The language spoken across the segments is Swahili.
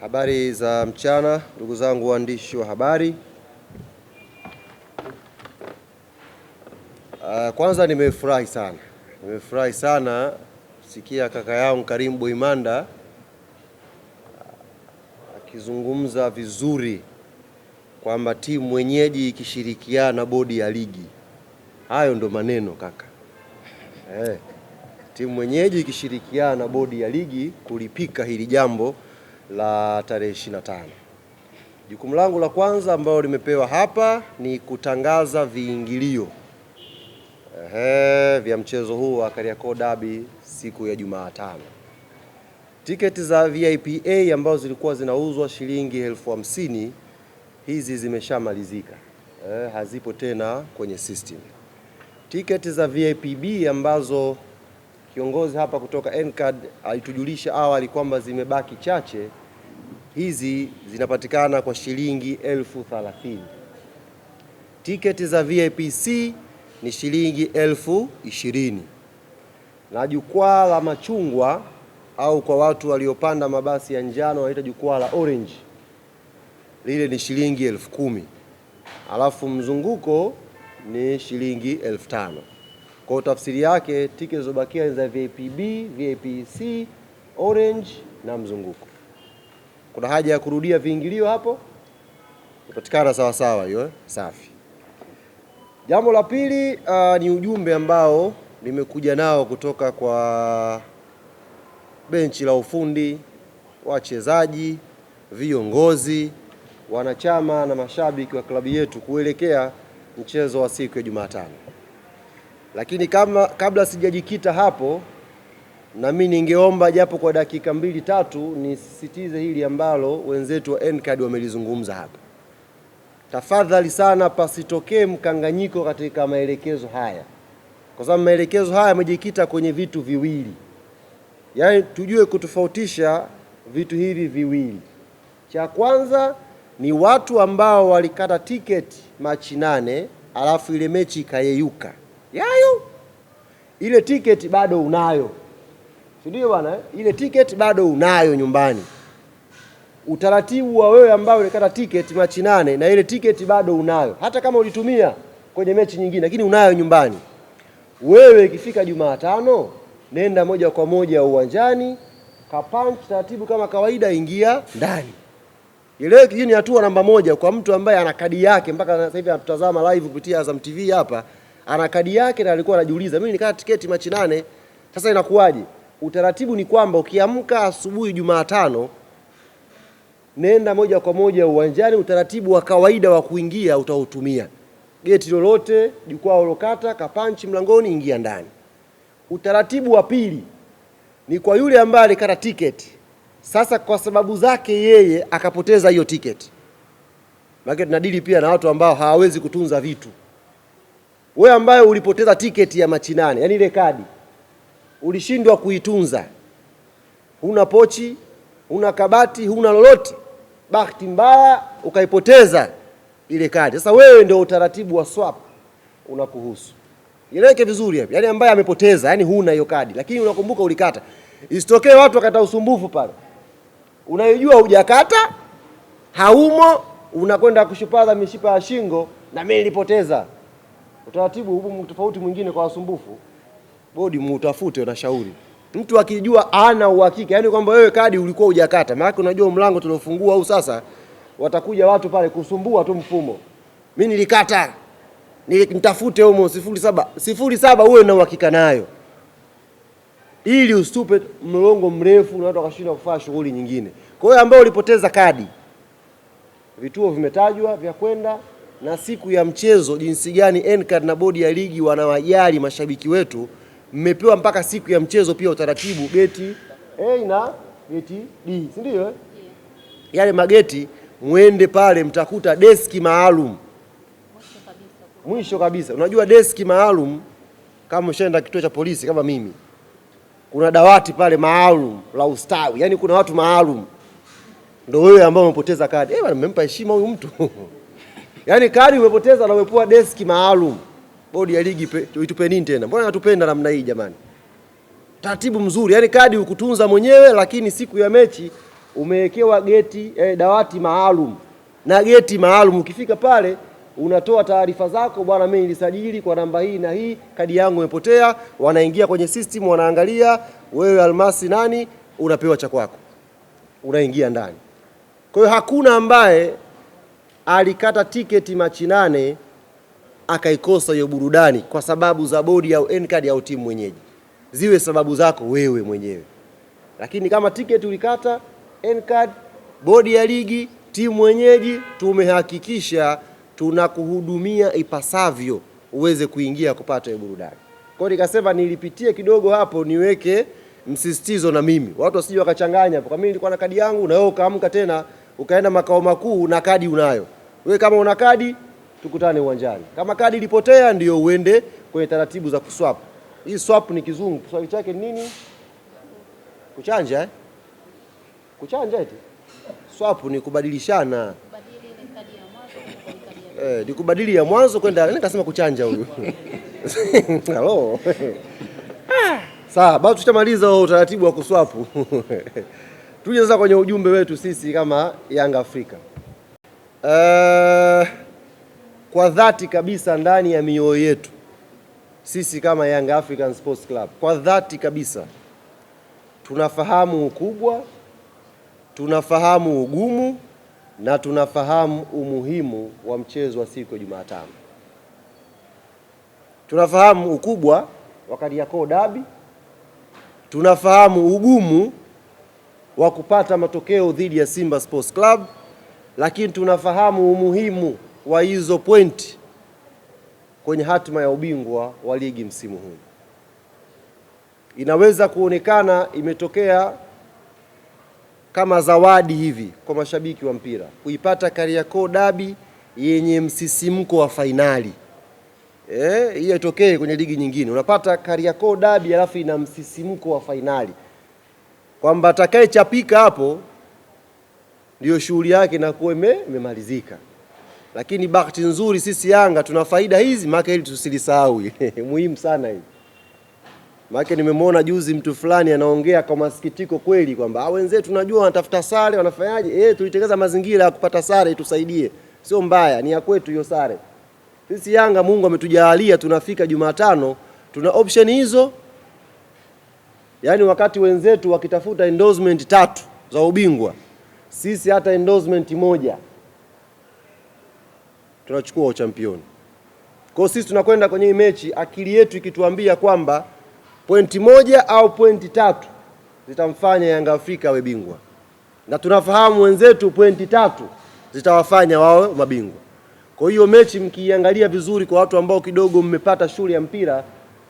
Habari za mchana, ndugu zangu waandishi wa habari. Ah, kwanza nimefurahi sana, nimefurahi sana sikia kaka yangu Karim Boimanda akizungumza vizuri kwamba timu mwenyeji ikishirikiana bodi ya ligi. Hayo ndo maneno kaka eh timu mwenyeji ikishirikiana na bodi ya ligi kulipika hili jambo la tarehe 25. Jukumu langu la kwanza ambalo limepewa hapa ni kutangaza viingilio ehe, vya mchezo huu wa Kariakoo Derby siku ya Jumatano. Tiketi za VIP A ambazo zilikuwa zinauzwa shilingi elfu hamsini hizi zimeshamalizika, eh, hazipo tena kwenye system. Tiketi za VIP B ambazo Kiongozi hapa kutoka NCAD alitujulisha awali kwamba zimebaki chache, hizi zinapatikana kwa shilingi elfu thalathini. Tiketi za vipc ni shilingi elfu ishirini na jukwaa la machungwa au kwa watu waliopanda mabasi ya njano wanaita jukwaa la orange, lile ni shilingi elfu kumi alafu mzunguko ni shilingi elfu tano. Kwa tafsiri yake tiketi zilizobakia za VIP B, VIP C, Orange na mzunguko. Kuna haja ya kurudia viingilio hapo? Ipatikana sawa sawa hiyo, eh? safi. Jambo la pili uh, ni ujumbe ambao nimekuja nao kutoka kwa benchi la ufundi, wachezaji, viongozi, wanachama na mashabiki wa klabu yetu kuelekea mchezo wa siku ya Jumatano. Lakini kama, kabla sijajikita hapo, na mimi ningeomba japo kwa dakika mbili tatu nisisitize hili ambalo wenzetu wa NCAD wamelizungumza hapa. Tafadhali sana, pasitokee mkanganyiko katika maelekezo haya, kwa sababu maelekezo haya yamejikita kwenye vitu viwili, yaani tujue kutofautisha vitu hivi viwili. Cha kwanza ni watu ambao walikata tiketi Machi nane alafu ile mechi ikayeyuka yayo, ile tiketi bado unayo, si ndio bwana? Eh? Ile tiketi bado unayo nyumbani. Utaratibu wa wewe ambao ulikata tiketi Machi nane na ile tiketi bado unayo, hata kama ulitumia kwenye mechi nyingine, lakini unayo nyumbani. Wewe ikifika Jumatano, nenda moja kwa moja uwanjani, kapunch taratibu kama kawaida, ingia ndani. Ile hii ni hatua namba moja kwa mtu ambaye ana kadi yake mpaka sasa hivi anatutazama live kupitia Azam TV hapa ana kadi yake na alikuwa anajiuliza mimi nikata tiketi Machi nane, sasa inakuwaje? Utaratibu ni kwamba ukiamka asubuhi Jumatano, nenda moja kwa moja uwanjani. Utaratibu wa kawaida wa kuingia utautumia geti lolote, jukwaa ulokata, kapanchi mlangoni, ingia ndani. Utaratibu wa pili ni kwa yule ambaye alikata tiketi sasa kwa sababu zake yeye akapoteza hiyo tiketi, maana tunadili pia na watu ambao hawawezi kutunza vitu. Wewe ambaye ulipoteza tiketi ya Machi nane, yani ile kadi ulishindwa kuitunza, huna pochi, huna kabati, huna lolote, bahati mbaya ukaipoteza ile kadi. Sasa wewe ndio utaratibu wa swap unakuhusu. Ieleweke vizuri hapa, yani ambaye amepoteza, yani huna hiyo kadi, lakini unakumbuka ulikata. Isitokee watu wakata usumbufu pale, unayojua hujakata, haumo, unakwenda kushupaza mishipa ya shingo, na mimi nilipoteza Utaratibu huu tofauti mwingine kwa wasumbufu, bodi muutafute, nashauri mtu akijua ana uhakika, yani kwamba wewe kadi ulikuwa hujakata. Maana unajua mlango tuliofungua au sasa, watakuja watu pale kusumbua tu mfumo. Mimi nilikata, nitafute humo sifuri saba sifuri saba, uwe na uhakika nayo, ili usitupe mlongo mrefu na watu wakashindwa kufanya shughuli nyingine. Kwa hiyo ambao ulipoteza kadi, vituo vimetajwa vya kwenda na siku ya mchezo, jinsi gani NCAD na bodi ya ligi wanawajali mashabiki wetu. Mmepewa mpaka siku ya mchezo pia utaratibu geti A na geti D, si ndio? Eh? Yale mageti mwende pale, mtakuta deski maalum mwisho kabisa. Unajua deski maalum, kama ushaenda kituo cha polisi kama mimi, kuna dawati pale maalum la ustawi, yaani kuna watu maalum, ndio wewe ambao umepoteza kadi. Eh, mmempa heshima huyu mtu Yaani kadi umepoteza na umepua deski maalum. Bodi ya ligi nini tena. Mbona natupenda namna hii jamani? Taratibu mzuri. Yaani kadi ukutunza mwenyewe lakini siku ya mechi umewekewa geti eh, dawati maalum. Na geti maalum ukifika pale unatoa taarifa zako, bwana, mimi nilisajili kwa namba hii na hii, kadi yangu imepotea. Wanaingia kwenye system, wanaangalia wewe Almasi nani, unapewa cha kwako, unaingia ndani. Kwa hiyo hakuna ambaye alikata tiketi Machi nane akaikosa hiyo burudani kwa sababu za bodi au Ncard au timu mwenyeji, ziwe sababu zako wewe mwenyewe. Lakini kama tiketi ulikata Ncard, bodi ya ligi, timu mwenyeji, tumehakikisha tunakuhudumia ipasavyo uweze kuingia kupata hiyo burudani. Kwa hiyo nikasema nilipitie kidogo hapo niweke msisitizo na mimi watu wasije wakachanganya. Kwa mimi nilikuwa na kadi yangu na wewe ukaamka tena ukaenda makao makuu na kadi unayo wewe. Kama una kadi, tukutane uwanjani. Kama kadi ilipotea, ndio uende kwenye taratibu za kuswap. Hii swap ni kizungu, Kiswahili chake ni nini? Kuchanja eh? Kuchanja eti swap ni kubadilishana Eh, ni kubadili ya mwanzo kwenda yaani kasema kuchanja huyu. Hello. Ah, sawa, bado tutamaliza utaratibu wa kuswapu Tuje sasa kwenye ujumbe wetu sisi kama Young Africa. Uh, kwa dhati kabisa ndani ya mioyo yetu sisi kama Young African Sports Club, kwa dhati kabisa tunafahamu ukubwa, tunafahamu ugumu na tunafahamu umuhimu wa mchezo wa siku ya Jumatano. Tunafahamu ukubwa wa Kariakoo Dabi, tunafahamu ugumu wa kupata matokeo dhidi ya Simba Sports Club, lakini tunafahamu umuhimu wa hizo pointi kwenye hatima ya ubingwa wa ligi msimu huu. Inaweza kuonekana imetokea kama zawadi hivi kwa mashabiki wa mpira kuipata Kariakoo dabi yenye msisimko wa fainali. Eh, hiyo itokee kwenye ligi nyingine, unapata Kariakoo dabi alafu ina msisimko wa fainali kwamba atakayechapika hapo ndiyo shughuli yake inakuwa imemalizika. Lakini bahati nzuri sisi Yanga tuna faida hizi, maka, ili tusilisahau, muhimu sana hii maka. nimemwona juzi mtu fulani anaongea kwa masikitiko kweli kwamba ah, wenzetu najua wanatafuta sare wanafanyaje? Eh, tulitengeza mazingira ya kupata sare itusaidie, sio mbaya, ni ya kwetu hiyo sare. Sisi Yanga Mungu ametujalia tunafika Jumatano tuna option hizo Yaani wakati wenzetu wakitafuta endorsement tatu za ubingwa, sisi hata endorsement moja tunachukua uchampioni. Kwa sisi tunakwenda kwenye hii mechi akili yetu ikituambia kwamba pointi moja au pointi tatu zitamfanya Yanga Afrika awe bingwa, na tunafahamu wenzetu pointi tatu zitawafanya wao mabingwa. Kwa hiyo mechi mkiiangalia vizuri, kwa watu ambao kidogo mmepata shule ya mpira,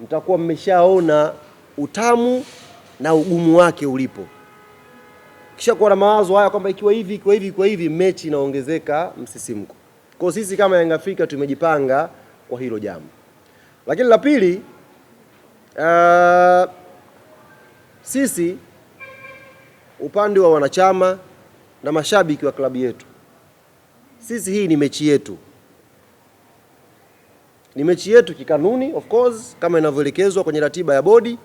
mtakuwa mmeshaona utamu na ugumu wake ulipo. Kisha kuwa na mawazo haya kwamba ikiwa hivi ikiwa hivi ikiwa hivi, mechi inaongezeka msisimko. Kwa sisi kama Yanga Afrika tumejipanga kwa hilo jambo, lakini la pili, uh, sisi upande wa wanachama na mashabiki wa klabu yetu, sisi hii ni mechi yetu, ni mechi yetu kikanuni, of course, kama inavyoelekezwa kwenye ratiba ya bodi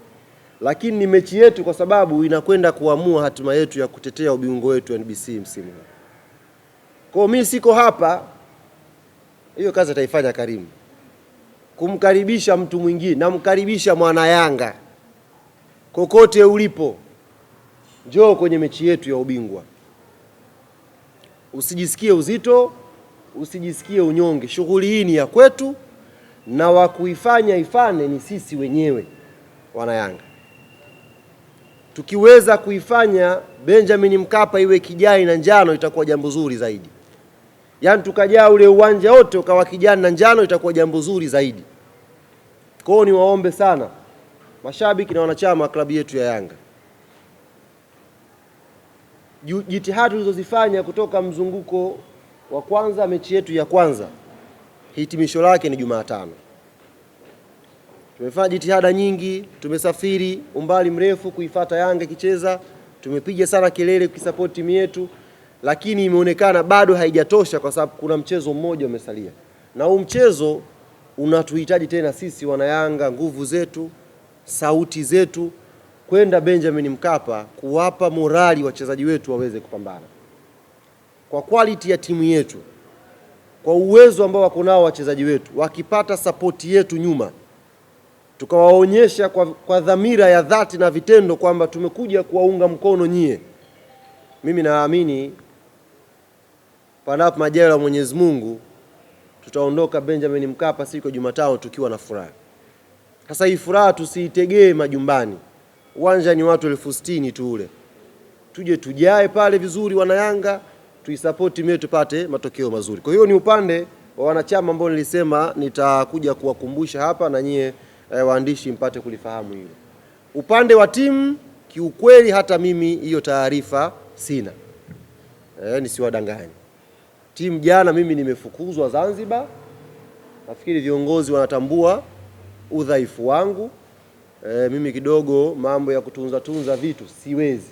lakini ni mechi yetu kwa sababu inakwenda kuamua hatima yetu ya kutetea ubingwa wetu NBC msimu huu. Kwa mimi siko hapa, hiyo kazi ataifanya Karimu, kumkaribisha mtu mwingine. Namkaribisha mwana Yanga kokote ulipo, njoo kwenye mechi yetu ya ubingwa. Usijisikie uzito, usijisikie unyonge. Shughuli hii ni ya kwetu, na wa kuifanya ifane ni sisi wenyewe wana Yanga. Tukiweza kuifanya Benjamin Mkapa iwe kijani na njano itakuwa jambo zuri zaidi, yaani tukajaa ule uwanja wote ukawa kijani na njano itakuwa jambo zuri zaidi. Kwa hiyo niwaombe sana mashabiki na wanachama wa klabu yetu ya Yanga, jitihada tulizozifanya kutoka mzunguko wa kwanza, mechi yetu ya kwanza, hitimisho lake ni Jumatano. Tumefanya jitihada nyingi, tumesafiri umbali mrefu kuifata Yanga ikicheza, tumepiga sana kelele kuisapoti timu yetu, lakini imeonekana bado haijatosha, kwa sababu kuna mchezo mmoja umesalia, na huu mchezo unatuhitaji tena sisi wana yanga nguvu zetu, sauti zetu, kwenda Benjamin Mkapa kuwapa morali wachezaji wetu waweze kupambana kwa quality ya timu yetu, kwa uwezo ambao wako nao wachezaji wetu, wakipata sapoti yetu nyuma tukawaonyesha kwa, kwa dhamira ya dhati na vitendo kwamba tumekuja kuwaunga mkono nyie. Mimi naamini panapo majaliwa ya Mwenyezi Mungu tutaondoka Benjamin Mkapa siku ya Jumatano tukiwa na furaha. Sasa hii furaha tusiitegee majumbani. Uwanja ni watu elfu sitini tu ule, tuje tujae pale vizuri, wanayanga tuisapoti mie tupate matokeo mazuri. Kwa hiyo ni upande wa wanachama ambao nilisema nitakuja kuwakumbusha hapa na nyie eh, waandishi mpate kulifahamu hilo. Upande wa timu kiukweli, hata mimi hiyo taarifa sina eh, nisiwadanganye. Timu jana mimi nimefukuzwa Zanzibar, nafikiri viongozi wanatambua udhaifu wangu. E, mimi kidogo mambo ya kutunza tunza vitu siwezi.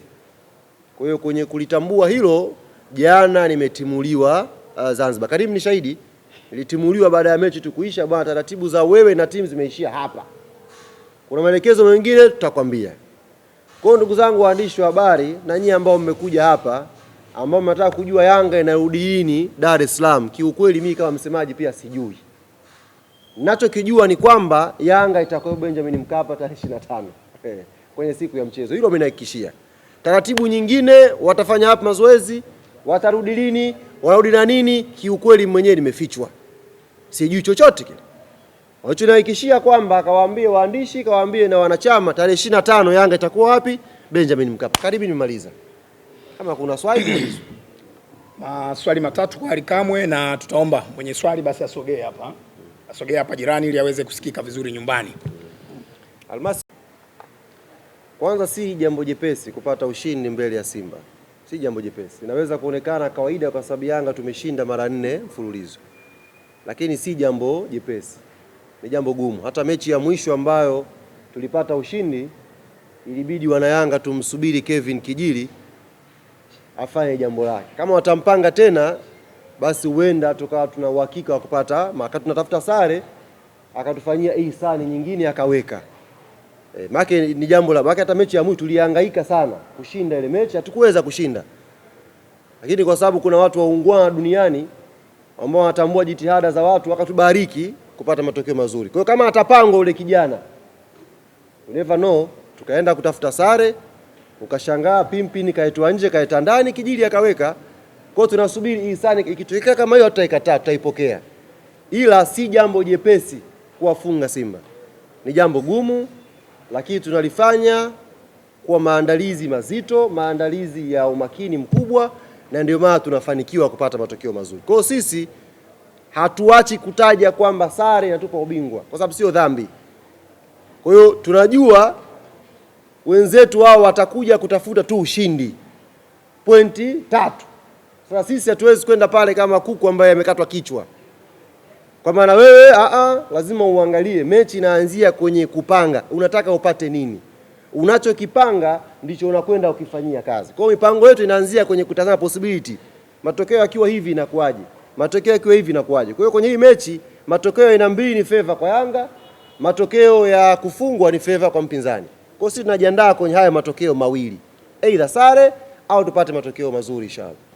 Kwa hiyo kwenye kulitambua hilo, jana nimetimuliwa uh, Zanzibar. Karibu ni shahidi. Ilitimuliwa baada ya mechi tu kuisha, bwana, taratibu za wewe na timu zimeishia hapa, kuna maelekezo mengine tutakwambia. Kwa ndugu zangu waandishi wa habari na nyinyi ambao mmekuja hapa ambao mnataka kujua Yanga inarudi lini Dar es Salaam, kiukweli mimi kama msemaji pia sijui. Ninachokijua ni kwamba Yanga itakuwa Benjamin Mkapa tarehe 25 eh, kwenye siku ya mchezo, hilo mnahakikishia. Taratibu nyingine watafanya hapa mazoezi, watarudi lini, wanarudi na nini, kiukweli mwenyewe nimefichwa sijui chochote kile. naikishia kwamba kawaambie waandishi, kawaambie na wanachama tarehe 25 Yanga itakuwa wapi? Benjamin Mkapa. Karibu nimemaliza. Kama kuna swali maswali matatu kwa Alikamwe, na tutaomba mwenye swali basi asogee hapa, asogee hapa jirani, ili aweze kusikika vizuri nyumbani. Almasi, kwanza si jambo jepesi kupata ushindi mbele ya Simba, si jambo jepesi. Inaweza kuonekana kawaida kwa sababu Yanga tumeshinda mara nne mfululizo lakini si jambo jepesi, ni jambo gumu. Hata mechi ya mwisho ambayo tulipata ushindi, ilibidi wanayanga tumsubiri Kevin Kijili afanye jambo lake. Kama watampanga tena, basi huenda tukawa tuna uhakika wa kupata maka, tunatafuta sare akatufanyia ihsani nyingine akaweka e, make ni jambo la make. Hata mechi ya mwisho tulihangaika sana kushinda ile mechi, hatukuweza kushinda, lakini kwa sababu kuna watu waungwana duniani ambao wanatambua jitihada za watu wakatubariki kupata matokeo mazuri. Kwa hiyo kama atapangwa ule kijana, you never know, tukaenda kutafuta sare ukashangaa pimpini kaitwa nje kaita ndani kijili akaweka. Kwa hiyo tunasubiri ihsani, ikitokea kama hiyo tutaikataa, tutaipokea, ila si jambo jepesi kuwafunga Simba, ni jambo gumu, lakini tunalifanya kwa maandalizi mazito, maandalizi ya umakini mkubwa na ndio maana tunafanikiwa kupata matokeo mazuri. Kwa hiyo sisi hatuachi kutaja kwamba sare inatupa ubingwa, kwa sababu sio dhambi. Kwa hiyo tunajua wenzetu wao watakuja kutafuta tu ushindi, pointi tatu. Sasa sisi hatuwezi kwenda pale kama kuku ambaye amekatwa kichwa, kwa maana wewe aa, lazima uangalie mechi inaanzia kwenye kupanga, unataka upate nini, unachokipanga ndicho unakwenda ukifanyia kazi. Kwa hiyo mipango yetu inaanzia kwenye kutazama possibility, matokeo yakiwa hivi inakuwaje, matokeo yakiwa hivi inakuwaje. Kwa hiyo kwenye hii mechi matokeo ya mbili ni favor kwa Yanga, matokeo ya kufungwa ni favor kwa mpinzani. Kwa hiyo sisi tunajiandaa kwenye haya matokeo mawili, aidha sare au tupate matokeo mazuri inshallah.